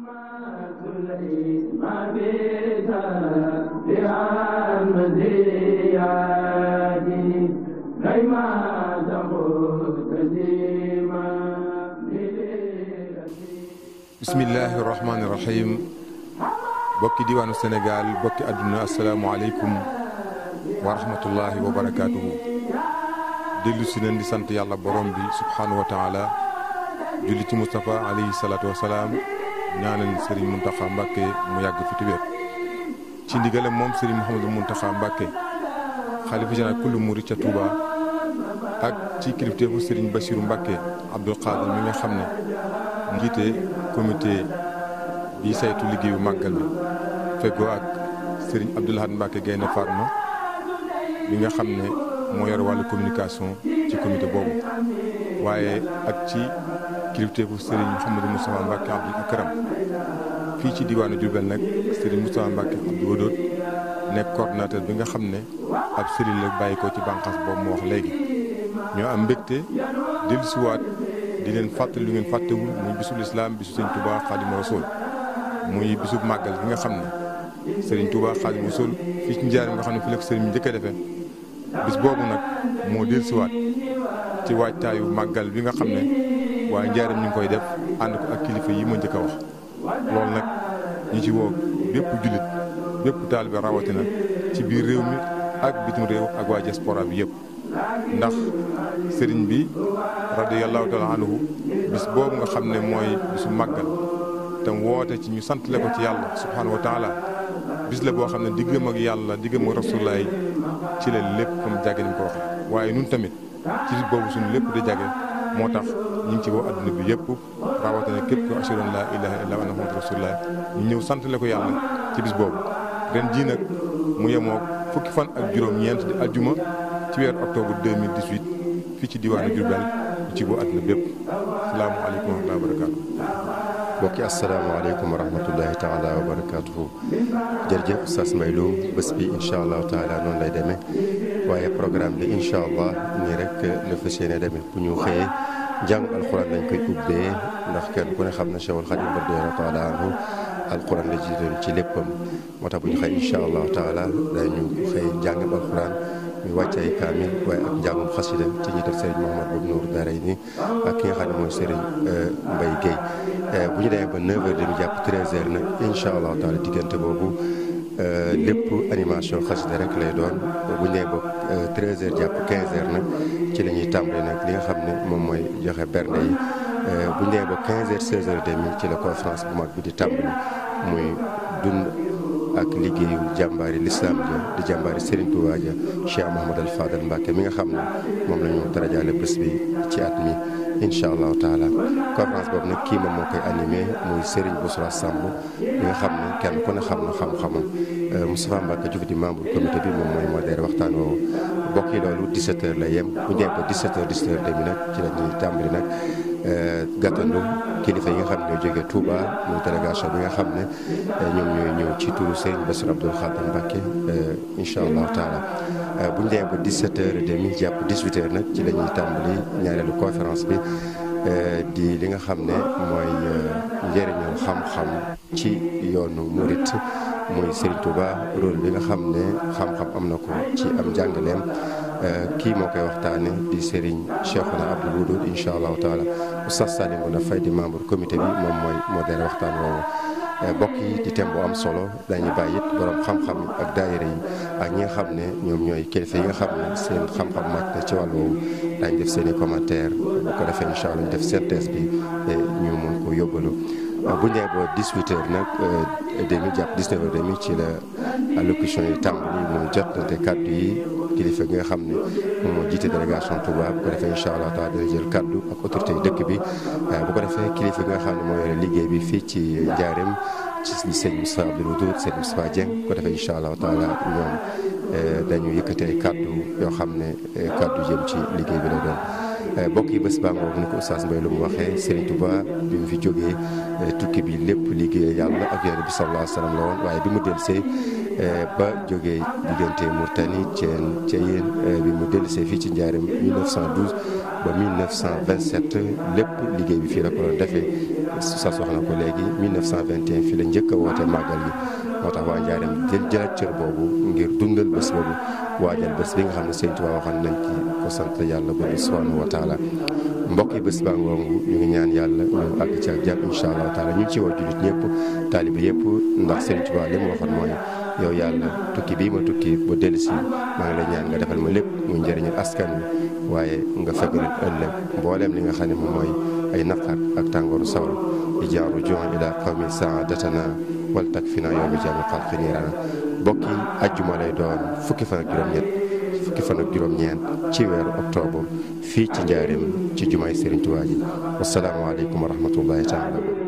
bismillahi rahmaani rahim bokki diwaanu Sénégal bokki àdduna asalaamualeykum wa rahmatullahi wa barakaatuhu dellu si nañ di sant yàlla borom bi subhaanahu wa taala julli alayhi salaatu wa ñaanal sëriñ Mountakha Mbacké mu yàgg fi tibéer ci ndigalam moom sëriñ Mouhamadou Mountakha Mbacké xalifa général kullu murid ca Touba ak ci kilifteefu sëriñ Bassirou Mbacké Abdoul Khadir mi nga xam ne njiite comité bi saytu liggéeyu màggal bi feggoo ak sëriñ Abdoul Ahad Mbacké Gaïndé Fatma mi nga xam ne moo yor wàllu communication ci comité boobu waaye ak ci kilifteefu Serigne Mouhamadou Moustapha Mbacke Abdoul Akram fii ci diwaanu Diourbel nag Serigne Moustapha Mbacke Abdou Wadoot nekk coordonnateur bi nga xam ne ab Serigne la bàyyi ko ci bànqaas boobu mu wax léegi ñoo am mbegte mbégte dellusiwaat di leen fàttali lu ngeen fàttewul muy bisu lislaam bisu Serigne Touba Xaadimu Rasuul muy bisu màggal bi nga xam ne Serigne Touba Xaadimu Rasuul fii ci njaaram nga xam ne fi la ko Serigne bi njëkk a bis boobu nag moo dil siwaat ci waajtaayu màggal bi nga xam ne waaye njaaram ñu ngi koy def ànd ko ak kilifa yi ma njëkk a wax loolu nag ñi ci woo bépp jullit bépp taalibe rawatina ci biir réew mi ak bitim réew ak waa diaspora bi yëpp ndax sëriñ bi radiyallahu taala anhu bis boobu nga xam ne mooy bisu màggal te woote ci ñu sant le ko ci yàlla subhanahu wa taala bis la boo xam ne diggam ak yàlla diggam ak rasulaay ci la lépp comme jage ni ko waxee waaye nun tamit ci bis boobu suñu lépp di jage moo tax ñu ngi ci woo adduna bi yëpp rawatina képp ko ashhadu laa ilaaha illa llaah wa anna muhammadan rasulullaah ñu ñëw sant la ko yàlla ci bis boobu ren jii nag mu yemoo fukki fan ak juróom-ñeent di aljuma ci weer octobre 2018 fii ci diwaanu Diourbel ñu ci woo adduna bépp salaamu aleykum wa بوك السلام عليكم ورحمة الله تعالى وبركاته جرجب أستاذ ميلوم بسبي إن شاء الله تعالى نون لا دمي وهي برنامج بي إن شاء الله نيرك لفسينا دمي بنيو جان القرآن لنكي أبدي نحكي نكون خبنا شو الخديم برضي تعالى عنه القرآن لجيدون تليبهم متابعين خي إن شاء الله تعالى لنيو خي القرآن muy wàcc ay kaamil waaye ak njàngum xasida ci ñi def sëriñ Mouhamadou Boub Nour Daara yi ak ki nga xam ne mooy sëriñ euh, Mbaye Guèye euh, bu ñu demee ba 9h dem jàpp 13h nag incha allah diggante boobu euh, lépp animation xasida rek lay doon bu ñu demee ba 13 jàpp 15 nag ci la ñuy tàmbali nag li nga xam ne moom mooy joxe bernde yi bu ñu demee ba 15 demi ci la conférence bu mag bi di tàmbali muy dund. ak liggéeyu jàmbaari lislaam ja di jàmbaari Serigne Touba ja Cheikh Mouhamadou Al Fadal Mbacke mi nga xam ne moom la ñu darajaale bés bi ci at mi incha allahu taala conférence boobu nag kii moom moo koy animé muy Serigne Bousra Samb mi nga xam ne kenn ku ne xam na xam-xamam euh, Moustapha Mbacke Diouf di membre comité bi moom mooy modéré waxtaan woowu bokki loolu la yem bu ñu demee ba 17h 17h demi nag la ñuy nag Euh, gàttandu kilifa yi nga xam ne ñoo jógee Touba muy délégation bi nga xam ne euh, ñoom ñooy ñëw ci tu Serigne Bassirou Abdoul Khadim Mbacké euh, incha allahu taala bu ñu demee ba 17h30 jàpp 18 nag ci la ñuy tàmbali ñaareelu conférence bi. di li nga xam ne mooy njëriñu xam-xam ci yoonu murit muy Serigne Touba rôle bi nga xam ne xam-xam am na ko ci am njàngaleem. kii moo koy waxtaane di Serigne Cheikhouna Abdou Wadoud incha allahu taala oustaz Salim Bouna Faye di membre comité bi mom moy modèle waxtaan woowu euh, bokk yi di thème bu am solo dañuy bàyyi it borom xam-xam ak daayira yi ak ñi nga xam ne ñoom ñooy kilifa yi nga xam ne seen xam-xam màcc na ci wàll woowu daañu def seen i commentaire bu ko defee incha allah ñu def synthèse bi ñu mun ko yóbbalu euh, bu ñu ba 18 heures nag euh, demi jàpp 19 heures demi ci la allocution yi tàmbali moom jot na te kàddu yi. kilifa gi nga xam ne a jiite délégation Touba bu ko defee incha allah taala dina jël ak autorité yi dëkk bi euh, bu ko defee kilifa nga xam ne moo yore liggéey bi fii ci Njaareem ci sëñ Moussa Abdoul Wadoud sëñ Moussa Dieng bu ko defee incha allah taala ñoom euh, dañu yëkkati ay yoo xam ne euh, kaddu jëm ci liggéey bi la doon. Euh, mbokk yi bés baa ngoog ni ko Oustaz Mbaye lu mu waxee Serigne Touba bi mu fi jógee euh, tukki bi lépp liggéey yàlla ak yonent bi waa alayhi wa sallam la woon waaye bi mu dellusee euh, ba jógee diggante Mourtani Ceen Ceyeen bi mu dellusee fii ci njaarim 1912 ba 1927 lépp liggéey bi fii la ko doon defee Oustaz wax na ko léegi 1921 fii la njëkk a woote màggal gi moo tax waa njaarim jël jëlaat cër boobu ngir dundal bés waa waajal bés bi nga xam ne Serigne Touba waxoon nañ ci ko sant yàlla bu subhanahu wa taala mbokk yi bés baa ñu ngi ñaan yàlla ñu àgg ci ak jàpp incha allah taala ñu ngi ci woo jullit ñëpp taaliba yëpp ndax Sëriñ Tuubaa li mu waxoon mooy yow yàlla tukki bii ma tukki ba dellu si maa ngi la ñaan nga defal ma lépp mu njëriñu askan wi waaye nga fegal ëllëg mbooleem li nga xam ne moom mooy ay naqar ak tàngooru sawar di jaaru jon i daal saadatana wal takfina yow bi fi xalqi niirana mbokk yi ajjuma lay fukki fan fukki fan ak juróom-ñeent ci weeru octobre fii ci njaareem ci jumaay Serigne Touba ji wassalaamu aleykum wa rahmatullahi taala